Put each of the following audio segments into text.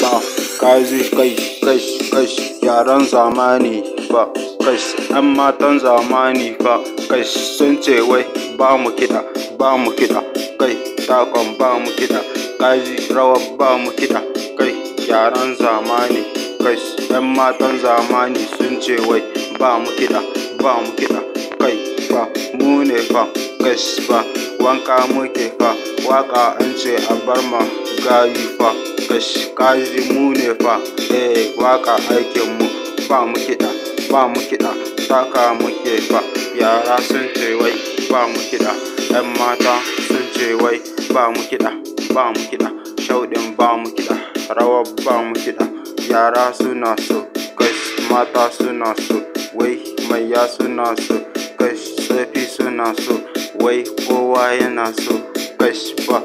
ba kazi kai, kai, kai, yaran zamani ba kai ɗan matan zamani ba kai sun ce wai ba mu kiɗa ba mu kiɗa kai takon ba mu kiɗa kazi rawa ba mu kiɗa kai yaran zamani kai ɗan matan zamani sun ce wai ba mu kiɗa ba mu kiɗa kai fa mu ne fa kai fa wanka muke fa waka an ce a bar ma gayi fa shashi kaji mu ne fa eh waka aikin mu ba mu kiɗa ba mu kiɗa taka muke fa yara sun ce wai ba mu kiɗa yan mata sun ce wai ba mu kiɗa ba mu kiɗa shauɗin ba mu kiɗa rawa ba mu kiɗa yara suna so kai, mata suna so wai maiya suna so kai, tsofi suna so wai kowa yana so kai ba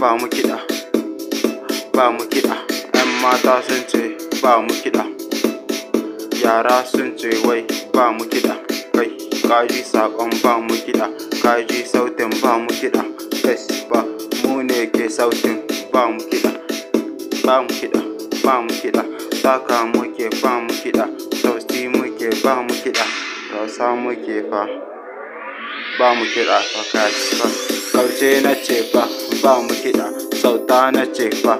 ba mu kiɗa ba mu kiɗa 'yan mata sun ce ba mu kiɗa yara sun ce wai ba mu kiɗa kai kaji saƙon ba mu kiɗa kaji sautin ba mu kiɗa yes ba mu ne ke sautin ba mu kiɗa ba mu kiɗa ba mu kiɗa saka muke ba mu kiɗa sauti muke ba mu kiɗa rausa muke fa ba mu kiɗa fa kaji fa kauce na ce fa ba mu kiɗa sauta na ce fa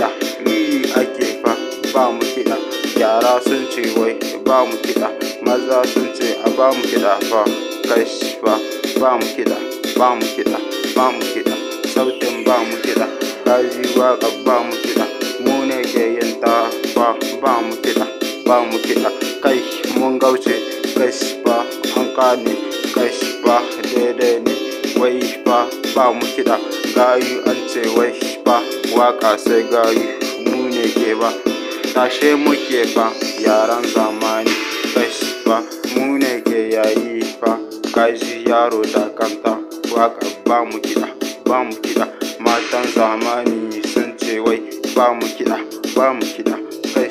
kiɗa yi ake fa ba mu kiɗa yara sun ce wai ba mu kiɗa maza sun ce a ba mu kiɗa fa kash fa ba mu kiɗa ba mu kiɗa ba mu kiɗa sautin ba mu kiɗa kaji waƙa ba mu kiɗa mu ne ke yin ta fa ba mu kiɗa ba mu kiɗa kai mun gauce kash fa an kane kash fa daidai ne wai fa ba mu kiɗa gayu an ce wai ba waƙa sai gayu mu ke ba tashe muke fa yaran zamani fresh ba mu ne ke yayi fa kaji yaro da kanta waƙa ba mu kiɗa ba mu kiɗa matan zamani sun ce wai ba mu kiɗa ba mu kiɗa fa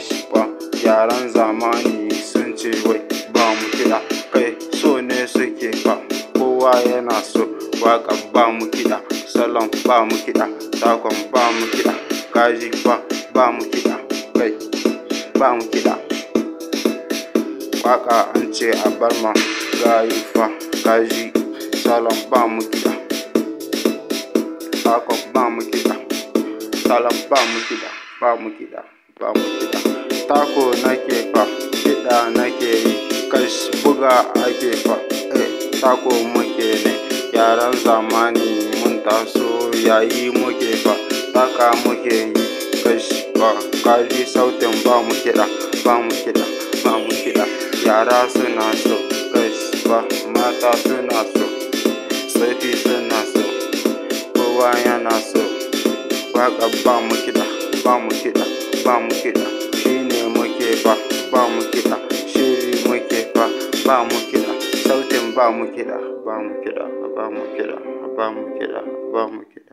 yaran zamani sun ce wai ba mu kiɗa kai so ne suke fa kowa yana so waƙa ba mu kiɗa salon ba mu kiɗa sakon ba mu kiɗa kaji ba ba mu kiɗa kai ba mu kiɗa waka an ce a bar ma gayu fa kaji salon ba mu kiɗa sakon ba mu kiɗa salon ba mu kiɗa ba mu kiɗa ba mu kiɗa tako nake fa kiɗa nake yi kash buga ake fa eh tako muke ne yaran zamani mu mun taso yayi muke fa taka muke yi kashi ba kaji sautin ba mu kiɗa ba mu kiɗa ba mu kiɗa yara suna so kashi ba mata suna so tsofi suna so kowa yana so waka ba mu kiɗa ba mu kiɗa ba mu kiɗa shine muke fa ba mu kiɗa shiri muke fa ba mu sautin ba mu kiɗa ba mu kiɗa ba mu kiɗa ba mu kiɗa ba mu kiɗa